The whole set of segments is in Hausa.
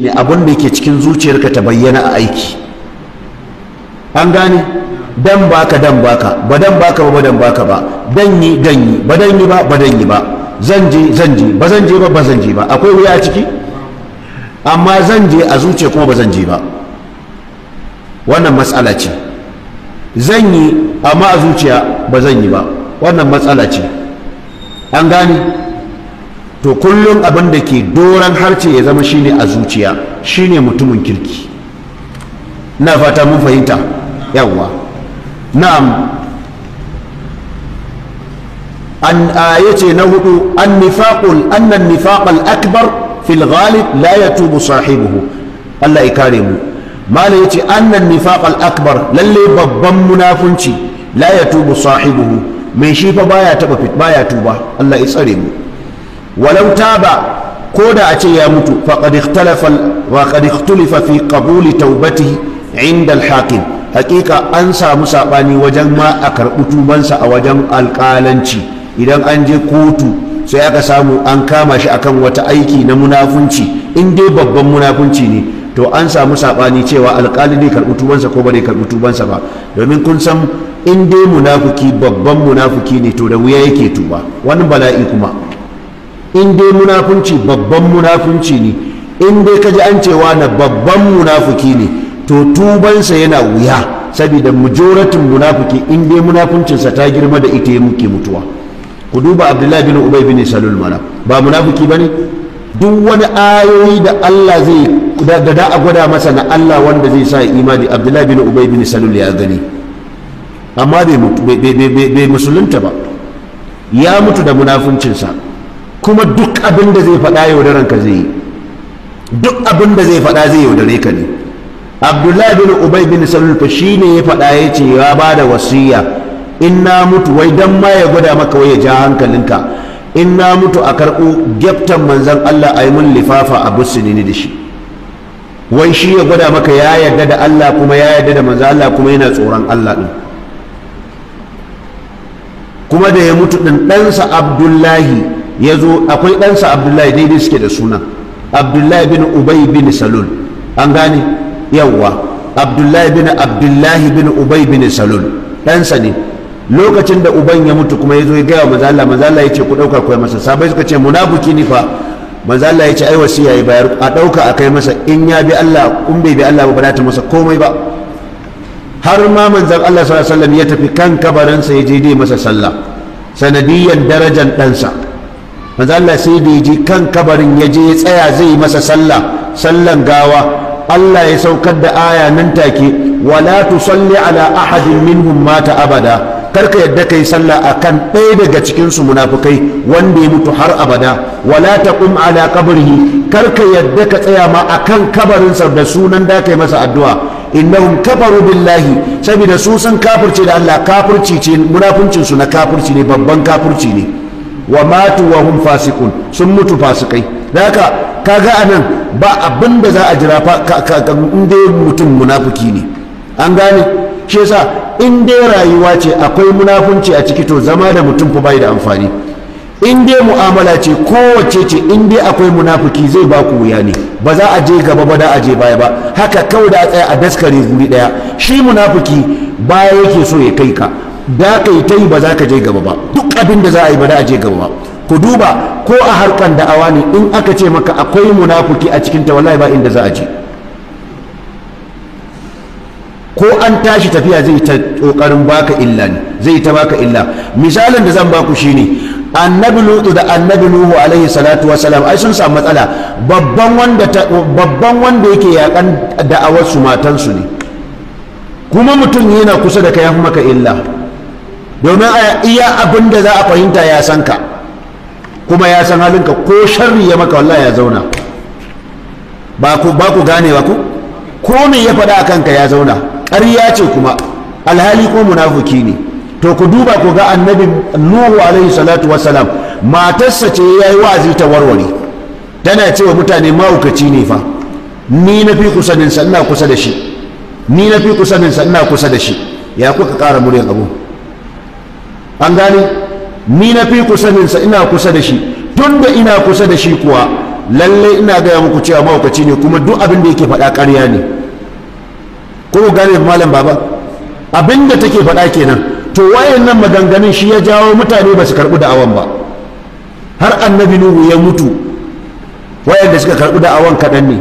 ne abin da yake cikin zuciyarka ta bayyana a aiki an gane dan baka dan baka ba dan baka ba dan baka ba dan yi dan yi ba dan yi ba ba dan yi ba zan je zan je ba zan je ba ba zan je ba akwai wuya a ciki amma zan je a zuciya kuma ba zan je ba wannan matsala ce zan yi amma a zuciya ba zan yi ba wannan matsala ce an gane to kullum abin da ke doron harce ya zama shine a zuciya shine mutumin kirki na fata mun fahimta yawwa na'am an ayace na hudu an nifaqul anna nifaqal akbar fil ghalib la yatubu sahibuhu Allah ya kare mu mala yace anna nifaqal akbar lalle babban munafunci la yatubu sahibuhu mai shi fa baya taba fit baya tuba Allah ya tsare mu walauta taba ko da a ce ya mutu faqad ikhtalafa wa qad ikhtalafa fi inda al hakika an samu sabani wajen ma a karɓi tubansa a wajen alƙalanci idan an je kotu sai aka samu an kama shi akan wata aiki na munafunci in dai babban munafunci ne to an samu sabani cewa alƙali ne karɓi tubansa ko ba ne karɓi tubansa ba domin kun san in dai munafuki babban munafuki ne to da wuya yake tuba wani bala'i kuma in dai munafunci babban munafunci ne in dai ka ji an cewa na babban munafuki ne to tubansa yana wuya saboda majoratin munafuki in dai munafuncinsa ta girma da ita ya muke mutuwa ku duba abdullahi bin ubay bin salul mana ba munafuki bane duk wani ayoyi da Allah zai da da a gwada masa na Allah wanda zai sa imani abdullahi bin ubay bin salul ya gani amma bai musulunta ba ya mutu da munafuncinsa kuma duk abin da zai faɗa da ranka zai yi duk abin da zai faɗa zai yaudare ka ne abdullahi bin ubay bin salulfa shi ne ya faɗa ya ce ya ba da wasiya in na mutu wai dan ma ya gwada maka wai ya ja hankalinka in na mutu a karɓo gyaftan manzan Allah a yi mun lifafa a ni da shi wai shi ya gwada maka ya yarda da Allah kuma ya yarda da manzan Allah kuma yana tsoron Allah ɗin kuma da ya mutu ɗin ɗansa Abdullahi ya zo akwai ɗansa abdullahi daidai suke da suna abdullahi bin ubai bin salul an gane yawwa abdullahi bin abdullahi bin ubai bin salul ɗansa ne lokacin da uban ya mutu kuma ya zo ya gaya wa mazala mazala ya ce ku ɗauka kuwa masa sabai suka ce munafuki ne fa mazala ya ce ai wasiya ya bayar a ɗauka a kai masa in ya bi Allah kun bai bi Allah ba ba ta masa komai ba har ma manzan Allah sallallahu alaihi wasallam ya tafi kan kabarinsa ya je dai masa sallah sanadiyan darajar ɗansa manzo Allah sai da je kan kabarin ya je ya tsaya zai masa sallah sallan gawa Allah ya saukar da aya nan take wala tusalli ala ahadin minhum mata abada kar karka yadda kai sallah akan ɗaya daga cikin su munafikai wanda ya mutu har abada wala taqum ala kar ka yadda ka tsaya ma akan kabarin sa da sunan da kai masa addu'a innahum kafaru billahi saboda su sun kafirce da Allah kafirci ce munafincin su na kafirci ne babban kafirci ne wa matu wa hum fasikun sun mutu fasikai da haka kaga anan ba abin da za a jira in dai mutum munafuki ne an gane shi yasa in dai rayuwa ce akwai munafunci a ciki to zama da mutum fa bai da amfani in dai mu'amala ce kowace ce in dai akwai munafuki zai ba ku wuya ne ba za a je gaba ba da a je baya ba haka kawai da a tsaya a daskare guri daya shi munafuki baya yake so ya kai ka da ka yi ta yi ba za ka je gaba ba duk abin da za a yi ba da a je gaba ba ku duba ko a harkan da'awa ne in aka ce maka akwai munafuki a cikin ta wallahi ba inda za a je ko an tashi tafiya zai ta kokarin baka illa ne zai ta baka illa misalin da zan baku shine annabi lutu da annabi nuhu alaihi salatu salam ai sun samu matsala babban wanda yake yakan da'awar su matansu ne kuma mutum yana kusa da ka yafi maka illa domin a iya abin da za a fahimta ya san ka kuma ya san halinka ko sharri ya maka wallahi ya zauna ba ku gane ba ku ko me ya faɗa a kanka ya zauna ƙarya ce kuma alhali ko munafuki ne to ku duba ku ga annabi nuhu alaihi salatu wassalam matarsa ce ya yi wa'azi ta warware tana cewa mutane mahaukaci ne fa ni na fi ina kusa da shi ina kusa da shi ya kuka ƙara muryan abu an gani ni na fi ku ina kusa da shi tun da ina kusa da shi kuwa lallai ina gaya muku cewa mawukaci ne kuma duk abin da yake faɗa ƙarya ne ko gane malam baba abin da take faɗa kenan to wayan nan maganganun shi ya jawo mutane ba su karɓi da'awan ba har annabi nuhu ya mutu wayanda suka karɓi da'awan kaɗan ne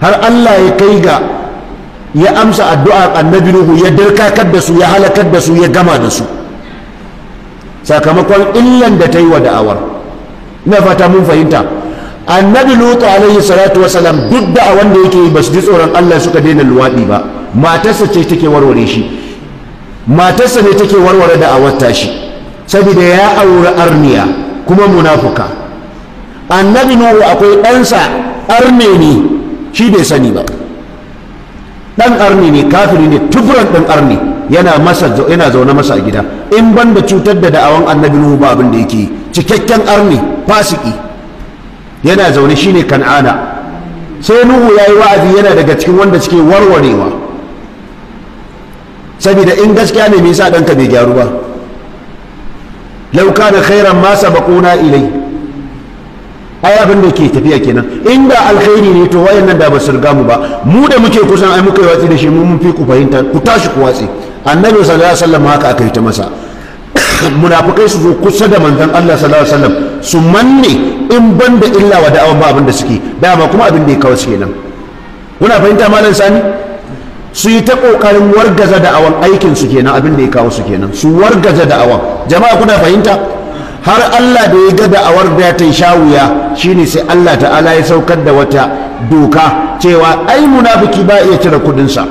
har allah ya kai ga ya amsa addu'a annabi nuhu ya dirkakar da su ya halakar da su ya gama da su sakamakon illan da ta yi wa da'awar na fata mun fahimta annabi lutu alaihi salatu wasalam duk da a wanda yake yi ba su ji tsoron allah suka daina luwaɗi ba matarsa ce take warware shi matarsa ne take warware da'awar shi saboda ya aure arniya kuma munafuka annabi nuhu akwai ɗansa arne ne shi bai sani ba dan arni ne kafiri ne tufuran dan arni yana masa yana zaune masa a gida in banda cutar da da'awan annabi nuhu ba abin da yake cikakken arni fasiki yana zaune shine kan'ana sai nuhu yayi wa'azi yana daga cikin wanda suke warwarewa saboda in gaskiya ne me yasa danka bai gyaru ba law kana khairan ma sabaquna ilayhi ai abin da ke tafiya kenan inda alkhairi ne to nan da ba su riga mu ba mu da muke kusan ai muka yi watsi da shi mun fi ku fahimta ku tashi ku watsi annabi sallallahu alaihi wasallam haka aka yi ta masa munafikai su zo kusa da manzon Allah sallallahu alaihi wasallam su manne in banda illa wa da'awan ba abin da suke dama kuma abin da ya kawo suke nan kuna fahimta malam sani su yi ta kokarin wargaza da'awan aikin su kenan abin da ya kawo su kenan su wargaza da'awan jama'a kuna fahimta har Allah da ya ga da'awar da ta sha wuya shine sai Allah ta'ala ya saukar da wata doka cewa ai munafiki ba iya cire kudin sa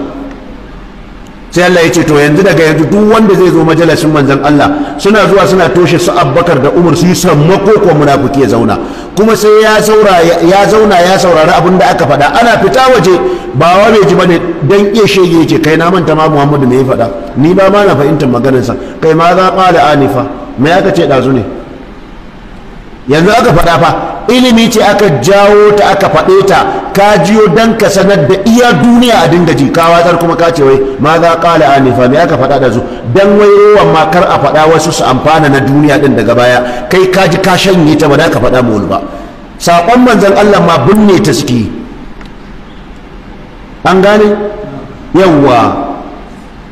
sai Allah ya ce to yanzu daga yanzu duk wanda zai zo majalisin manzon Allah suna zuwa suna toshe su Abubakar da Umar su yi sammako ko munafiki ya zauna kuma sai ya zauna ya saurari abin da aka faɗa ana fita waje ba wa bai ji bane dan iya shege yake kai na manta ma Muhammadu me ya faɗa ni ba ma na fahimtar maganarsa kai ma za da anifa me aka ce ɗazu ne yanzu aka faɗa fa ilimi ce aka jawo ta aka faɗe ta ka jiyo dan ka sanar da iya duniya a dinga ji ka watsar kuma ka ce wai ma za ƙala a nifa me aka faɗa da su dan wai rowan ma kar a faɗa wasu su amfana na duniya din daga baya kai ka ji ka shanye ta ba da ka faɗa mu ba saƙon manzon Allah ma binne ta suke an gane yawwa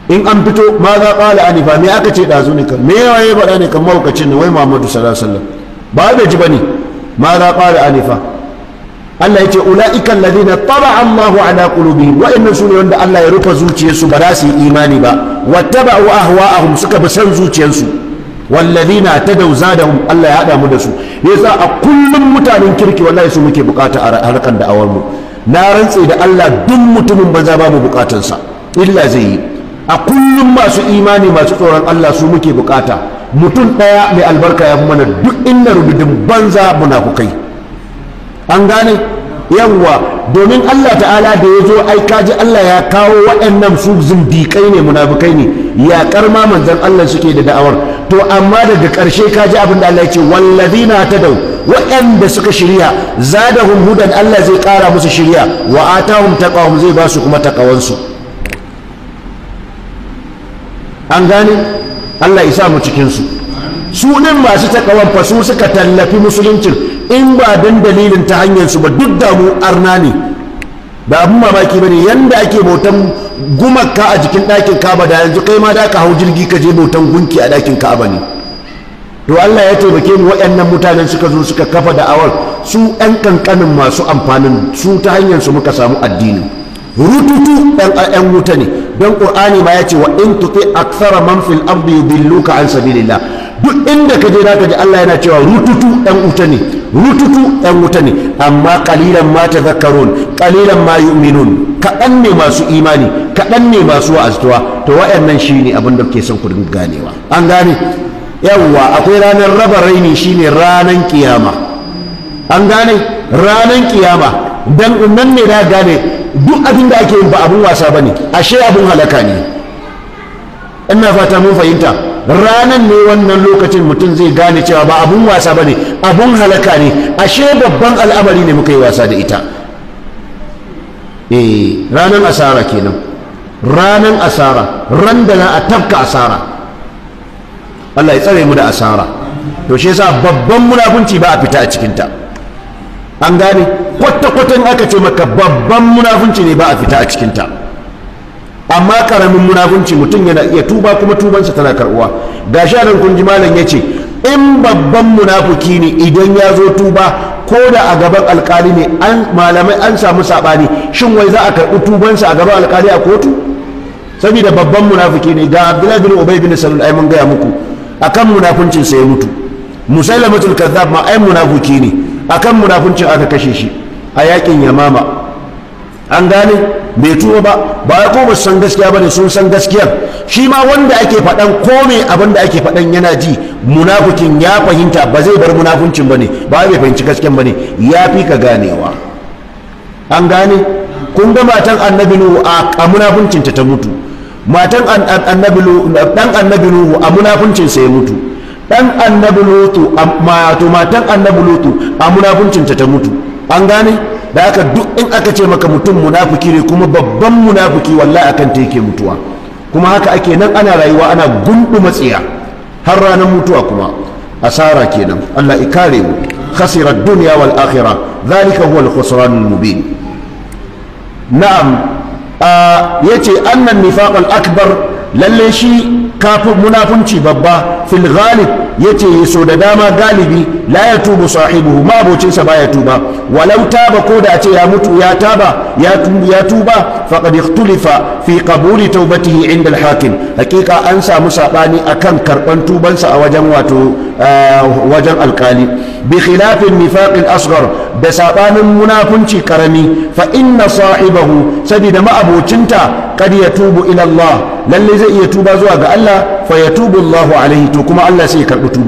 in an fito ma za ƙala a nifa me aka ce ɗazu ne ka me yawa ya faɗa ne kan mahaukacin ne wai Muhammadu sallallahu alaihi wasallam ba bai ji bane ma za qala anifa Allah ya ce yace ulaika na taba Allahu ala qulubihim wa su ne wanda Allah ya rufe zuciyarsu ba za su yi imani ba wa ba a hum suka bi san zuciyarsu ta na dauza da hum? Allah ya haɗa mu da su ya sa a kullum mutanen kirki wallahi su muke bukata a harkar da na rantse da Allah duk mutumin banza ba mu bukatansa illa zai yi a kullum masu imani masu tsoron Allah su muke bukata mutum ɗaya mai albarka ya fi mana duk inna rubidin banza munafukai an gane yawwa domin Allah ta'ala da ya zo ai kaji Allah ya kawo waɗannan su zindiƙai ne munafukai ne ya karma manzan Allah suke da da'awar to amma daga ƙarshe kaji abin da Allah ya ce ta dau, waɗanda suka shirya zada hudan Allah zai ƙara musu shirya wa atahum taqawum zai ba su kuma taqawansu an gane Allah isa mu cikin su su din masu takawan fa su suka tallafi musuluncin in ba dan dalilin ta hanyar su ba duk da mu arna ne ba abun mamaki bane yanda ake bautan gumaka a jikin ɗakin Ka'aba da yanzu kai ma da ka hau jirgi ka je bautan gunki a ɗakin Ka'aba ne to Allah ya taimake mu waɗannan mutanen suka zo suka kafa da'awar su ɗan kankanin masu amfanin su ta hanyar su muka samu addini rututu ɗan wuta ne don qur'ani ma ya ce wa in tuti akthara man fil ardi yudilluka an sabilillah duk inda ka je ka ji Allah yana cewa rututu ɗan wuta ne rututu ɗan wuta ne amma kalilan ma zakarun kalilan ma yu'minun kaɗan ne masu imani kaɗan ne masu wa'aztuwa to waɗannan ne abin da ke son ku dinga ganewa an gane yawwa akwai ranar raba raini shine ranar kiyama an gane ranar kiyama dan nan ne da gane duk abin da ake yi ba abin wasa ba ne ashe abin halaka ne ina fata mun fahimta ranan ne wannan lokacin mutum zai gane cewa ba abin wasa ba ne abin halaka ne ashe babban al'amari ne muka yi wasa da ita eh ranan asara kenan ranan asara ran da na a tafka asara Allah ya tsare mu da asara to shi yasa babban munafunci ba a fita a cikinta an gane kwata-kwata aka ce maka babban munafunci ne ba a fita a cikinta amma karamin munafunci mutum yana iya tuba kuma tubansa tana karbuwa ga sharan kunji malam ya ce in babban munafuki ne idan ya zo tuba ko da a gaban alkali ne malamai an samu saɓani shin wai za a karɓi tubansa a gaban alkali a kotu saboda babban munafuki ne ga abdullahi bin ubay bin salul ai mun gaya muku akan munafuncin sa ya mutu musailamatul kazzab ma ai munafuki ne akan munafuncin aka kashe shi a yakin yamama an gane bai tuba ba ba ya kuma san gaskiya ba ne sun san gaskiyar shi ma wanda ake faɗan kome abin da ake faɗan yana ji munafukin ya fahimta ba zai bar munafuncin ba ne ba ya fahimci gaskiyan ba ne ya fi ka ganewa an gane kun ga matan annabi nuhu a munafuncin ta mutu matan annabi dan annabi nuhu a munafuncin sa ya mutu dan annabi lutu matan annabi a munafuncin ta mutu an gane da haka duk in aka ce maka mutum munafuki ne kuma babban munafuki wallahi akan ta yake mutuwa kuma haka ake nan ana rayuwa ana gundu matsiya har ranar mutuwa kuma asara kenan Allah i kare mu khasira dunya wal akhirah zalika huwa al khusran al mubin na'am ah, yace annan nifaq al akbar lalle shi kafin munafunci babba fil ghalib yace so da dama galibi la yatubu sahibuhu ma ba baya tuba walau taba ko da ce ya mutu ya taba ya tuba ya tuba faqad ikhtulifa fi qabuli tawbatihi inda al hakim hakika an samu sabani akan karban tubansa a wajen wato eh, wajen alkali bi khilafin nifaqil asghar da sabanin munafunci karami fa inna sahibahu sabida ma'abocinta kad yatubu ila Allah lallai zai iya tuba zuwa ga Allah fa yatubu Allah alaihi to kuma Allah sai ya karbi tuba